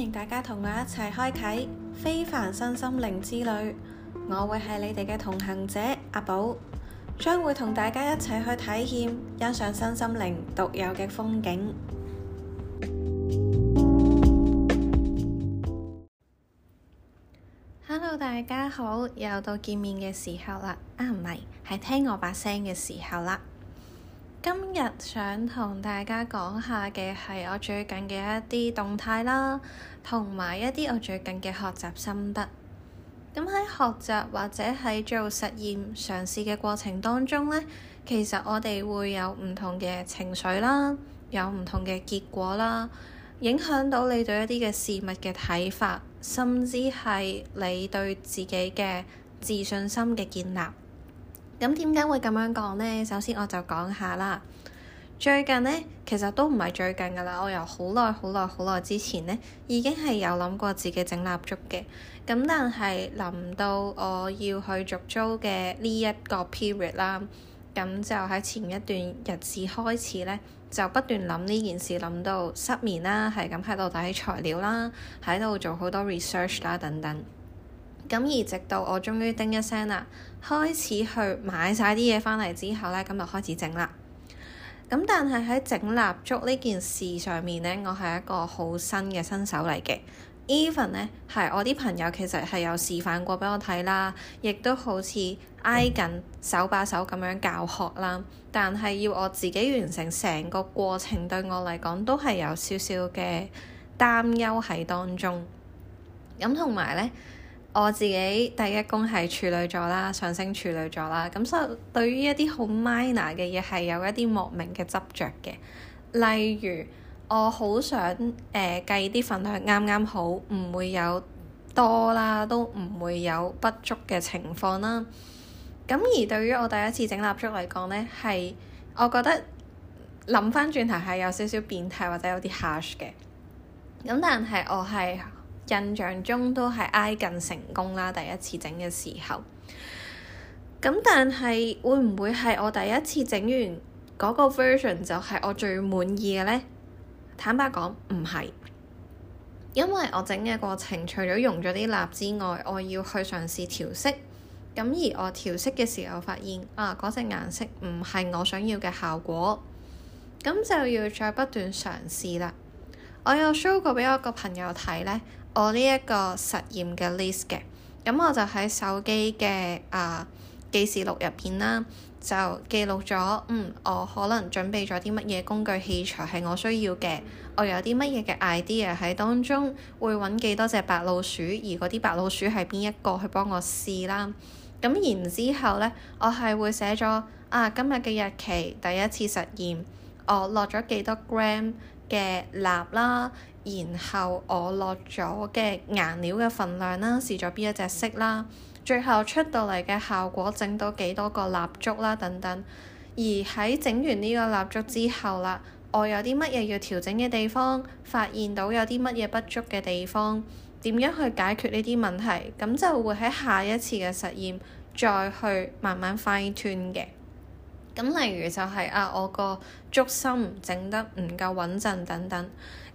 歡迎大家同我一齊開啟非凡身心靈之旅，我會係你哋嘅同行者阿寶，將會同大家一齊去體驗欣賞身心靈獨有嘅風景。Hello，大家好，又到見面嘅時候啦，啊唔係，係聽我把聲嘅時候啦。今日想同大家講下嘅係我最近嘅一啲動態啦，同埋一啲我最近嘅學習心得。咁喺學習或者喺做實驗、嘗試嘅過程當中咧，其實我哋會有唔同嘅情緒啦，有唔同嘅結果啦，影響到你對一啲嘅事物嘅睇法，甚至係你對自己嘅自信心嘅建立。咁點解會咁樣講呢？首先我就講下啦。最近呢，其實都唔係最近噶啦，我由好耐、好耐、好耐之前呢，已經係有諗過自己整蠟燭嘅。咁但係臨到我要去續租嘅呢一個 period 啦，咁就喺前一段日子開始呢，就不斷諗呢件事，諗到失眠啦，係咁喺度睇材料啦，喺度做好多 research 啦，等等。咁而直到我終於叮一聲啦，開始去買晒啲嘢翻嚟之後呢，咁就開始整啦。咁但係喺整蠟燭呢件事上面呢，我係一個好新嘅新手嚟嘅。Even 呢，係我啲朋友其實係有示範過俾我睇啦，亦都好似挨緊手把手咁樣教學啦。但係要我自己完成成個過程，對我嚟講都係有少少嘅擔憂喺當中。咁同埋呢。我自己第一宮係處女座啦，上升處女座啦，咁所以對於一啲好 minor 嘅嘢係有一啲莫名嘅執着嘅。例如我好想誒、呃、計啲份量啱啱好，唔會有多啦，都唔會有不足嘅情況啦。咁而對於我第一次整蠟燭嚟講咧，係我覺得諗返轉頭係有少少變態或者有啲 hush 嘅。咁但係我係。印象中都係挨近成功啦。第一次整嘅時候，咁但係會唔會係我第一次整完嗰個 version 就係我最滿意嘅呢？坦白講唔係，因為我整嘅過程除咗用咗啲蠟之外，我要去嘗試調色。咁而我調色嘅時候發現啊，嗰隻顏色唔係我想要嘅效果，咁就要再不斷嘗試啦。我有 show 過俾我一個朋友睇呢。我呢一個實驗嘅 list 嘅，咁我就喺手機嘅啊記事錄入邊啦，就記錄咗，嗯，我可能準備咗啲乜嘢工具器材係我需要嘅，我有啲乜嘢嘅 idea 喺當中，會揾幾多隻白老鼠，而嗰啲白老鼠係邊一個去幫我試啦。咁然之後咧，我係會寫咗啊今日嘅日期，第一次實驗，我落咗幾多 gram 嘅蠟啦。然後我落咗嘅顏料嘅份量啦，試咗邊一隻色啦，最後出到嚟嘅效果，整到幾多個蠟燭啦等等。而喺整完呢個蠟燭之後啦，我有啲乜嘢要調整嘅地方，發現到有啲乜嘢不足嘅地方，點樣去解決呢啲問題，咁就會喺下一次嘅實驗再去慢慢 fine-tune 嘅。咁例如就係啊，我個燭芯整得唔夠穩陣等等。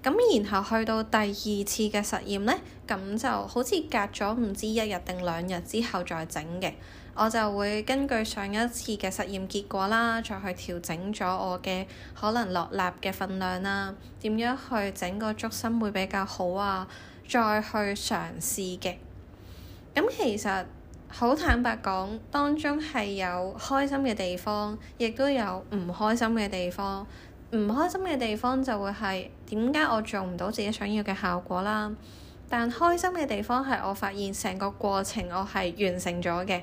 咁然後去到第二次嘅實驗呢，咁就好似隔咗唔知一日定兩日之後再整嘅，我就會根據上一次嘅實驗結果啦，再去調整咗我嘅可能落蠟嘅份量啦，點樣去整個燭心會比較好啊，再去嘗試嘅。咁其實好坦白講，當中係有開心嘅地方，亦都有唔開心嘅地方。唔開心嘅地方就會係點解我做唔到自己想要嘅效果啦，但開心嘅地方係我發現成個過程我係完成咗嘅，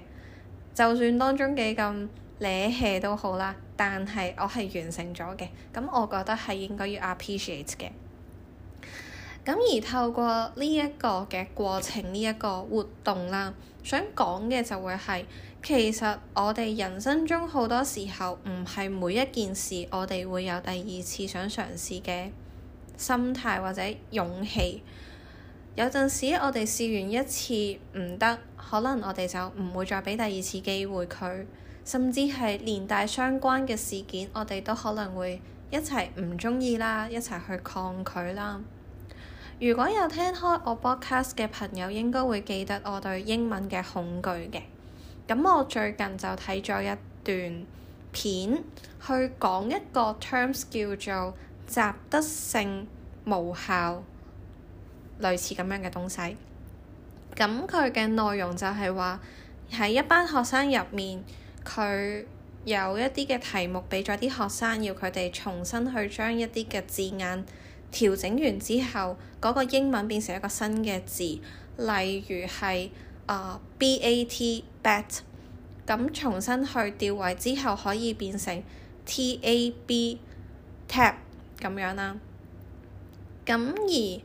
就算當中幾咁嘅 hea 都好啦，但係我係完成咗嘅，咁我覺得係應該要 appreciate 嘅。咁而透過呢一個嘅過程，呢一個活動啦，想講嘅就會係。其實我哋人生中好多時候唔係每一件事，我哋會有第二次想嘗試嘅心態或者勇氣。有陣時我哋試完一次唔得，可能我哋就唔會再畀第二次機會佢，甚至係連帶相關嘅事件，我哋都可能會一齊唔中意啦，一齊去抗拒啦。如果有聽開我 podcast 嘅朋友，應該會記得我對英文嘅恐懼嘅。咁我最近就睇咗一段片，去講一個 terms 叫做習得性無效，類似咁樣嘅東西。咁佢嘅內容就係話喺一班學生入面，佢有一啲嘅題目畀咗啲學生，要佢哋重新去將一啲嘅字眼調整完之後，嗰、那個英文變成一個新嘅字，例如係啊、uh, b a t。bat 咁重新去調位之後可以變成 t a b tap 咁樣啦。咁而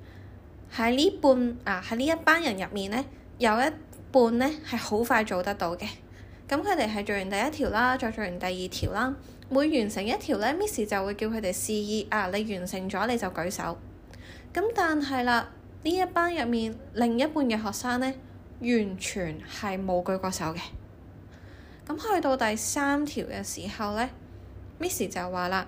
喺呢半啊喺呢一班人入面呢，有一半呢係好快做得到嘅。咁佢哋係做完第一條啦，再做完第二條啦。每完成一條呢，Miss 就會叫佢哋示意啊，你完成咗你就舉手。咁但係啦，呢一班入面另一半嘅學生呢，完全係冇舉過手嘅。咁去到第三條嘅時候呢，Miss 就話啦，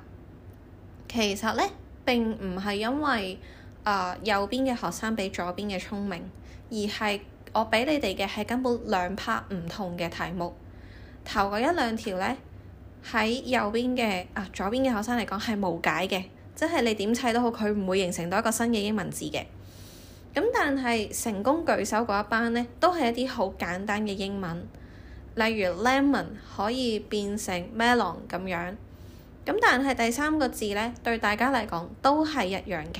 其實呢，並唔係因為啊、呃、右邊嘅學生比左邊嘅聰明，而係我畀你哋嘅係根本兩 part 唔同嘅題目。頭嗰一兩條呢，喺右邊嘅啊、呃、左邊嘅學生嚟講係無解嘅，即係你點砌都好，佢唔會形成到一個新嘅英文字嘅。咁但係成功舉手嗰一班呢，都係一啲好簡單嘅英文，例如 lemon 可以變成 melon 咁樣。咁但係第三個字呢，對大家嚟講都係一樣嘅。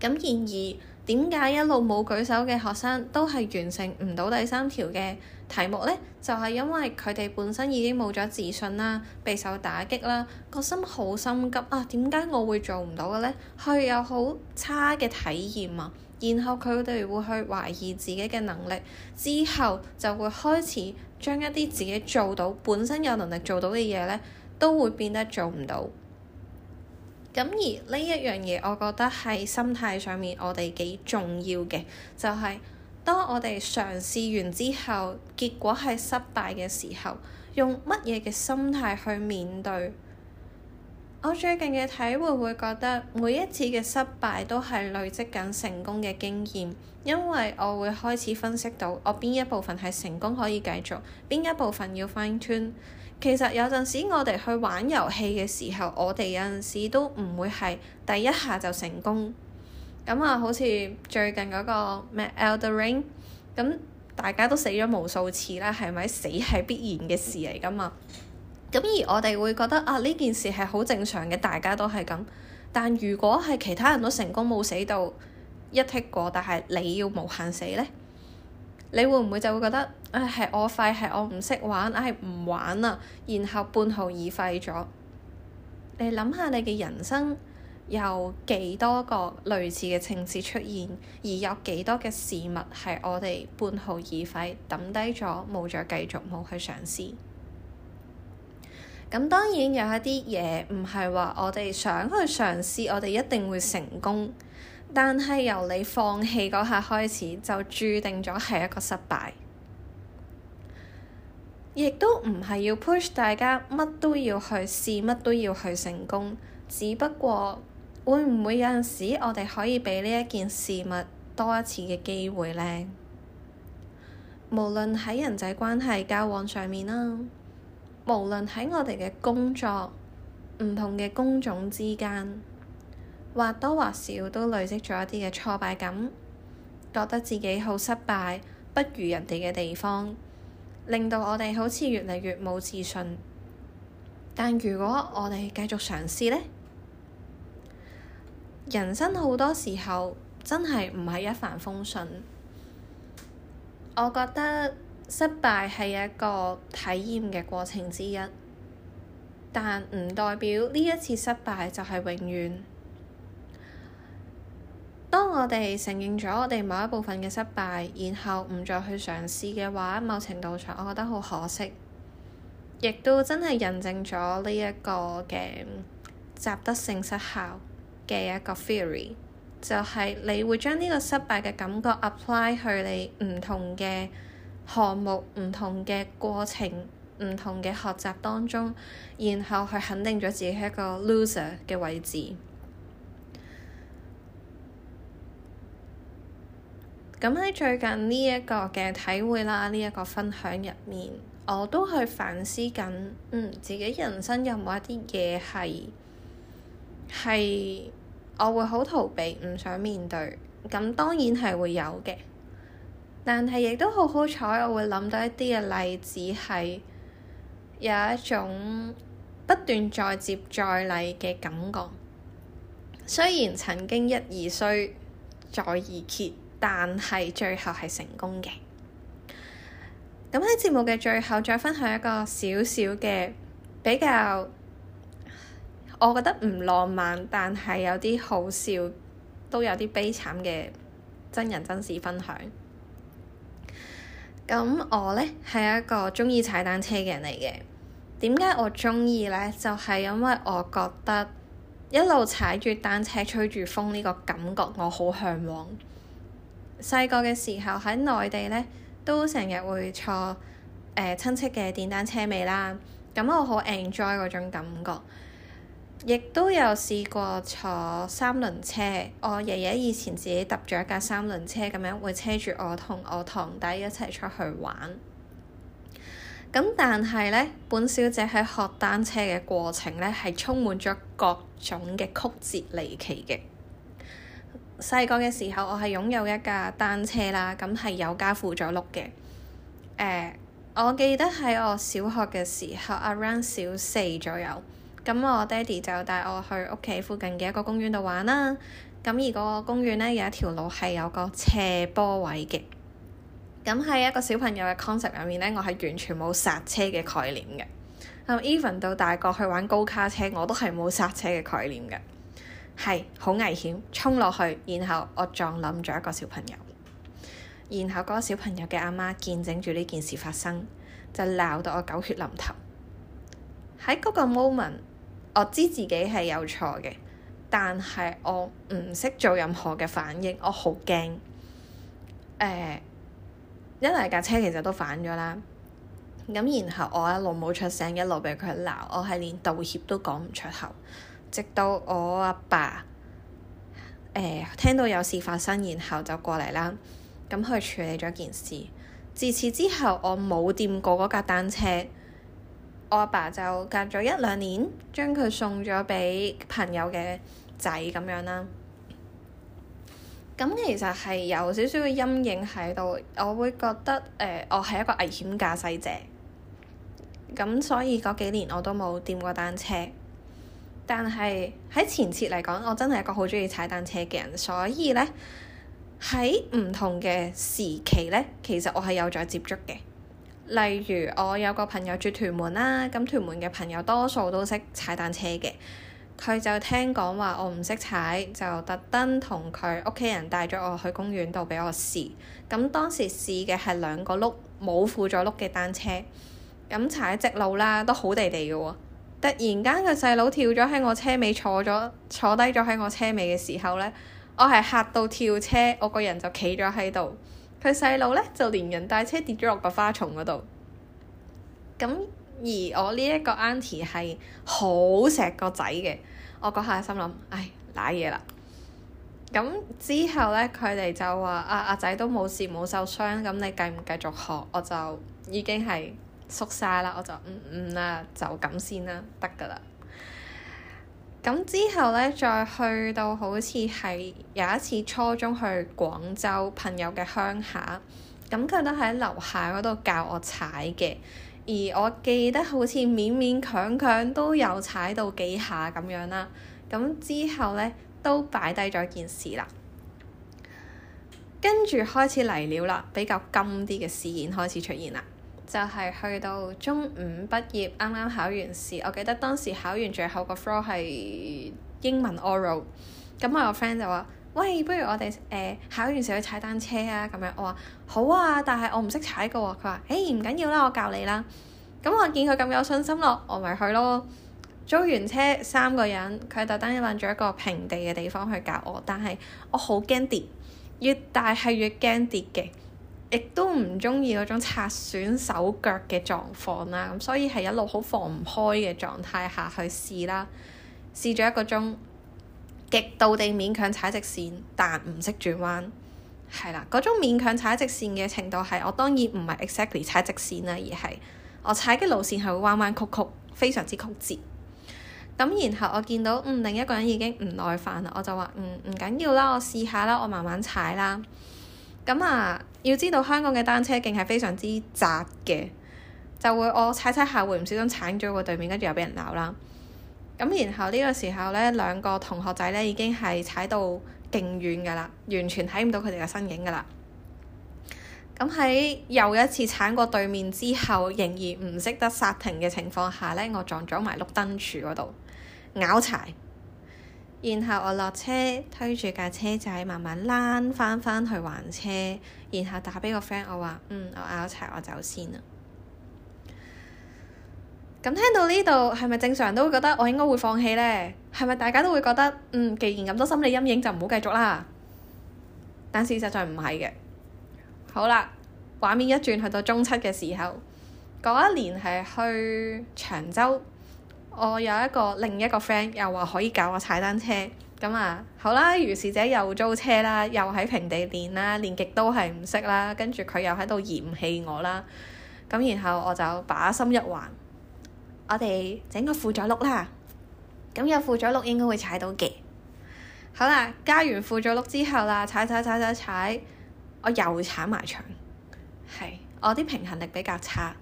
咁然而，點解一路冇舉手嘅學生都係完成唔到第三條嘅題目呢？就係因為佢哋本身已經冇咗自信啦，備受打擊啦，個心好心急啊！點解我會做唔到嘅呢？佢有好差嘅體驗啊，然後佢哋會去懷疑自己嘅能力，之後就會開始將一啲自己做到、本身有能力做到嘅嘢呢，都會變得做唔到。咁而呢一樣嘢，我覺得喺心態上面，我哋幾重要嘅，就係、是、當我哋嘗試完之後，結果係失敗嘅時候，用乜嘢嘅心態去面對？我最近嘅體會會覺得，每一次嘅失敗都係累積緊成功嘅經驗，因為我會開始分析到，我邊一部分係成功可以繼續，邊一部分要翻其實有陣時我哋去玩遊戲嘅時候，我哋有陣時都唔會係第一下就成功。咁啊，好似最近嗰個咩《Elder Ring》，咁大家都死咗無數次啦，係咪死係必然嘅事嚟㗎嘛？咁而我哋會覺得啊，呢件事係好正常嘅，大家都係咁。但如果係其他人都成功冇死到，一剔過，但係你要無限死呢？你會唔會就會覺得，啊、哎、係我廢係我唔識玩，唉，唔玩啦，然後半途而廢咗。你諗下你嘅人生有幾多個類似嘅情節出現，而有幾多嘅事物係我哋半途而廢抌低咗，冇再繼續冇去嘗試。咁當然有一啲嘢唔係話我哋想去嘗試，我哋一定會成功。但係由你放棄嗰下開始，就注定咗係一個失敗。亦都唔係要 push 大家乜都要去試，乜都要去成功。只不過會唔會有陣時，我哋可以畀呢一件事物多一次嘅機會咧？無論喺人際關係交往上面啦，無論喺我哋嘅工作唔同嘅工種之間。或多或少都累積咗一啲嘅挫敗感，覺得自己好失敗，不如人哋嘅地方，令到我哋好似越嚟越冇自信。但如果我哋繼續嘗試呢，人生好多時候真係唔係一帆風順。我覺得失敗係一個體驗嘅過程之一，但唔代表呢一次失敗就係永遠。我哋承認咗我哋某一部分嘅失敗，然後唔再去嘗試嘅話，某程度上我覺得好可惜，亦都真係印證咗呢一個嘅習得性失效嘅一個 theory，就係你會將呢個失敗嘅感覺 apply 去你唔同嘅項目、唔同嘅過程、唔同嘅學習當中，然後去肯定咗自己係一個 loser 嘅位置。咁喺最近呢一個嘅體會啦，呢一個分享入面，我都去反思緊，嗯，自己人生有冇一啲嘢係係我會好逃避，唔想面對。咁當然係會有嘅，但係亦都好好彩，我會諗到一啲嘅例子係有一種不斷再接再厲嘅感覺。雖然曾經一而衰，再而竭。但係最後係成功嘅。咁喺節目嘅最後，再分享一個小小嘅比較，我覺得唔浪漫，但係有啲好笑，都有啲悲慘嘅真人真事分享。咁我呢係一個鍾意踩單車嘅人嚟嘅。點解我鍾意呢？就係因為我覺得一路踩住單車，吹住風呢個感覺，我好向往。細個嘅時候喺內地咧，都成日會坐誒、呃、親戚嘅電單車尾啦。咁、嗯、我好 enjoy 嗰種感覺，亦都有試過坐三輪車。我爺爺以前自己搭咗一架三輪車，咁樣會車住我同我堂弟一齊出去玩。咁、嗯、但係咧，本小姐喺學單車嘅過程咧，係充滿咗各種嘅曲折離奇嘅。細個嘅時候，我係擁有一架單車啦，咁係有家輔助碌嘅。誒、uh，我記得喺我小學嘅時候，around 小四左右，咁我爹哋就帶我去屋企附近嘅一個公園度玩啦。咁而個公園呢，有一條路係有個斜坡位嘅。咁喺一個小朋友嘅 concept 入面呢，我係完全冇煞車嘅概念嘅。咁、uh, even 到大個去玩高卡車，我都係冇煞車嘅概念嘅。係好危險，衝落去，然後我撞冧咗一個小朋友，然後嗰個小朋友嘅阿媽見證住呢件事發生，就鬧到我狗血淋頭。喺嗰個 moment，我知自己係有錯嘅，但係我唔識做任何嘅反應，我好驚。誒、呃，因為架車其實都反咗啦，咁然後我一路冇出聲，一路畀佢鬧，我係連道歉都講唔出口。直到我阿爸誒、呃，聽到有事發生，然後就過嚟，啦，咁去處理咗件事。自此之後，我冇掂過嗰架單車，我阿爸就隔咗一兩年，將佢送咗畀朋友嘅仔咁樣啦。咁其實係有少少嘅陰影喺度，我會覺得誒、呃，我係一個危險駕駛者。咁所以嗰幾年我都冇掂過單車。但係喺前設嚟講，我真係一個好中意踩單車嘅人，所以呢，喺唔同嘅時期呢，其實我係有咗接觸嘅。例如我有個朋友住屯門啦，咁屯門嘅朋友多數都識踩單車嘅。佢就聽講話我唔識踩，就特登同佢屋企人帶咗我去公園度俾我試。咁當時試嘅係兩個轆冇輔助轆嘅單車，咁踩直路啦，都好地地嘅喎。突然間個細佬跳咗喺我車尾，坐咗坐低咗喺我車尾嘅時候咧，我係嚇到跳車，我個人就企咗喺度。佢細佬咧就連人帶車跌咗落個花叢嗰度。咁而我呢一個 auntie 係好錫個仔嘅，我嗰下心諗，唉，瀨嘢啦。咁之後咧，佢哋就話：阿阿仔都冇事冇受傷，咁你繼唔繼續學？我就已經係。縮晒啦，我就嗯嗯啦、啊，就咁先啦，得噶啦。咁之後咧，再去到好似係有一次初中去廣州朋友嘅鄉下，咁佢都喺樓下嗰度教我踩嘅，而我記得好似勉勉強強都有踩到幾下咁樣啦。咁之後咧都擺低咗件事啦，跟住開始嚟料啦，比較金啲嘅事件開始出現啦。就係去到中五畢業，啱啱考完試。我記得當時考完最後個 floor 係英文 oral。咁我個 friend 就話：喂，不如我哋誒、呃、考完試去踩單車啊！咁樣我話：好啊，但係我唔識踩嘅喎。佢話：誒，唔緊要啦，我教你啦。咁我見佢咁有信心咯，我咪去咯。租完車，三個人，佢特登揾咗一個平地嘅地方去教我。但係我好驚跌，越大係越驚跌嘅。亦都唔中意嗰種擦損手腳嘅狀況啦，咁所以係一路好放唔開嘅狀態下去試啦，試咗一個鐘，極度地勉強踩直線，但唔識轉彎，係啦，嗰種勉強踩直線嘅程度係，我當然唔係 exactly 踩直線啦，而係我踩嘅路線係會彎彎曲曲，非常之曲折。咁然後我見到嗯，另一個人已經唔耐煩啦，我就話嗯，唔緊要啦，我試下啦，我慢慢踩啦。咁啊，要知道香港嘅單車徑係非常之窄嘅，就會我踩踩下會唔小心鏟咗個對面，跟住又俾人鬧啦。咁然後呢個時候呢，兩個同學仔呢已經係踩到勁遠㗎喇，完全睇唔到佢哋嘅身影㗎喇。咁喺又一次鏟過對面之後，仍然唔識得剎停嘅情況下呢，我撞咗埋綠燈柱嗰度，咬柴。然後我落車推住架車仔慢慢攣翻返去還車，然後打畀個 friend 我話，嗯，我拗柴我先走先啦。咁、嗯、聽到呢度係咪正常人都會覺得我應該會放棄呢？係咪大家都會覺得，嗯，既然咁多心理陰影就唔好繼續啦？但事實上唔係嘅。好啦，畫面一轉去到中七嘅時候，嗰一年係去長洲。我有一個另一個 friend 又話可以教我踩單車，咁啊好啦，如是者又租車啦，又喺平地練啦，練極都係唔識啦，跟住佢又喺度嫌棄我啦，咁然後我就把心一橫，我哋整個輔助轆啦，咁有輔助轆應該會踩到嘅，好啦，加完輔助轆之後啦，踩踩踩踩踩，踩，我又踩埋牆，係我啲平衡力比較差。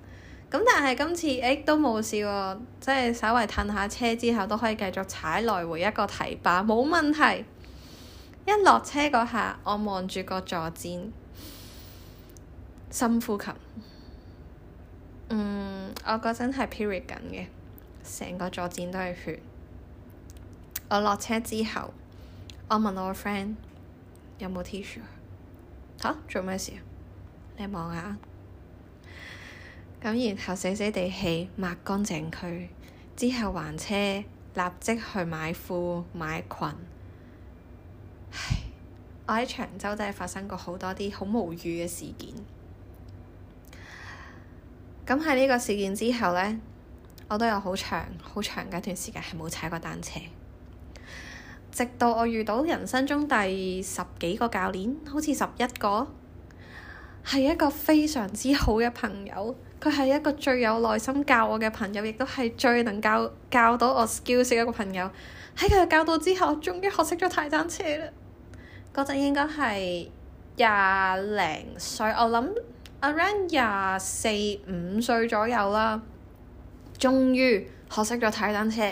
咁但係今次誒、欸、都冇事喎，即係稍微褪下車之後都可以繼續踩來回一個提把，冇問題。一落車嗰下，我望住個坐墊，深呼吸。嗯，我嗰陣係 period 緊嘅，成個坐墊都係血。我落車之後，我問我個 friend 有冇 T 恤？吓？做咩事啊？事你望下。咁，然後死死地氣抹乾淨佢，之後還車，立即去買褲買裙。唉，我喺長洲真係發生過好多啲好無語嘅事件。咁喺呢個事件之後呢，我都有好長好長嘅一段時間係冇踩過單車，直到我遇到人生中第十幾個教練，好似十一個，係一個非常之好嘅朋友。佢係一個最有耐心教我嘅朋友，亦都係最能教教到我 skills 嘅一個朋友。喺佢教到之後，我終於學識咗踩單車啦。嗰陣應該係廿零歲，我諗 around 廿四五歲左右啦。終於學識咗踩單車，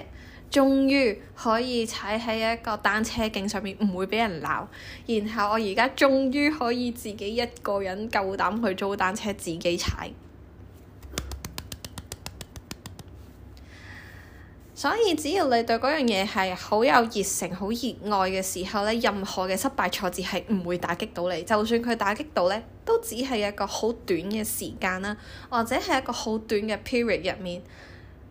終於可以踩喺一個單車徑上面，唔會畀人鬧。然後我而家終於可以自己一個人夠膽去租單車自己踩。所以只要你對嗰樣嘢係好有熱誠、好熱愛嘅時候咧，任何嘅失敗挫折係唔會打擊到你。就算佢打擊到咧，都只係一個好短嘅時間啦，或者係一個好短嘅 period 入面。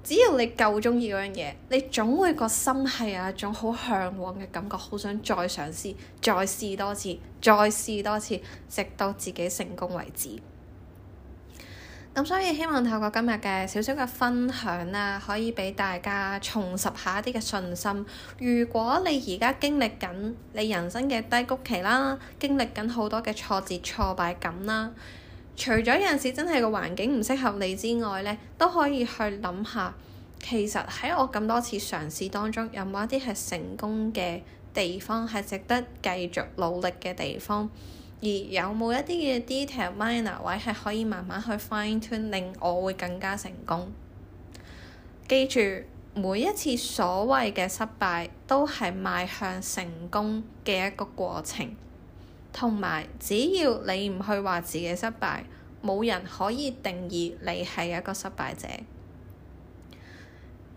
只要你夠鍾意嗰樣嘢，你總會個心係有一種好向往嘅感覺，好想再嘗試、再試多次、再試多次，直到自己成功為止。咁所以希望透過今日嘅少少嘅分享啦、啊，可以俾大家重拾下一啲嘅信心。如果你而家經歷緊你人生嘅低谷期啦，經歷緊好多嘅挫折挫敗感啦，除咗有陣時真係個環境唔適合你之外呢，都可以去諗下，其實喺我咁多次嘗試當中，有冇一啲係成功嘅地方係值得繼續努力嘅地方？而有冇一啲嘅 detail minor 位係可以慢慢去 fine tune, 令我會更加成功。記住，每一次所謂嘅失敗都係邁向成功嘅一個過程。同埋，只要你唔去話自己失敗，冇人可以定義你係一個失敗者。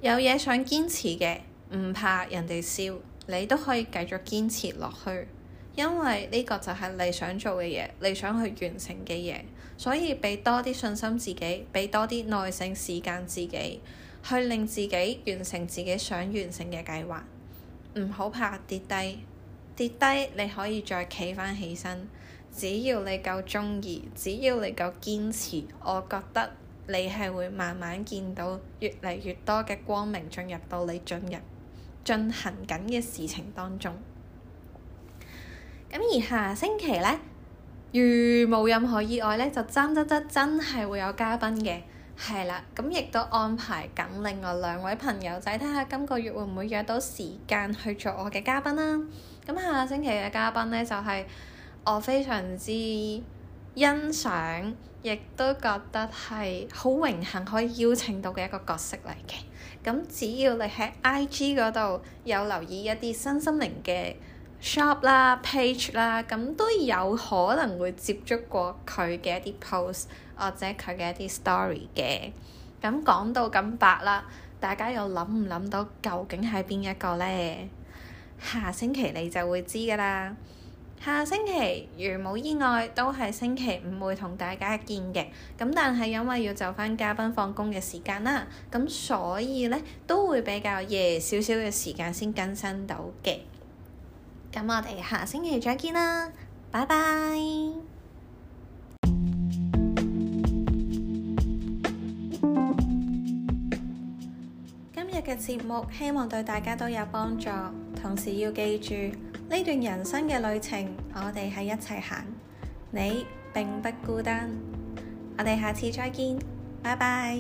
有嘢想堅持嘅，唔怕人哋笑，你都可以繼續堅持落去。因為呢個就係你想做嘅嘢，你想去完成嘅嘢，所以俾多啲信心自己，俾多啲耐性時間自己，去令自己完成自己想完成嘅計劃。唔好怕跌低，跌低你可以再企翻起身。只要你夠鍾意，只要你夠堅持，我覺得你係會慢慢見到越嚟越多嘅光明進入到你進入進行緊嘅事情當中。咁而下星期呢，如冇任何意外呢，就爭執得真係會有嘉賓嘅，係啦。咁亦都安排緊另外兩位朋友仔，睇下今個月會唔會約到時間去做我嘅嘉賓啦。咁下星期嘅嘉賓呢，就係我非常之欣賞，亦都覺得係好榮幸可以邀請到嘅一個角色嚟嘅。咁只要你喺 I G 嗰度有留意一啲新心靈嘅，Shop 啦，Page 啦，咁都有可能會接觸過佢嘅一啲 post 或者佢嘅一啲 story 嘅。咁講到咁白啦，大家又諗唔諗到究竟係邊一個呢？下星期你就會知㗎啦。下星期如冇意外，都係星期五會同大家見嘅。咁但係因為要就返嘉賓放工嘅時間啦，咁所以呢都會比較夜少少嘅時間先更新到嘅。咁我哋下星期再見啦，拜拜！今日嘅節目希望對大家都有幫助，同時要記住，呢段人生嘅旅程，我哋喺一齊行，你並不孤單。我哋下次再見，拜拜。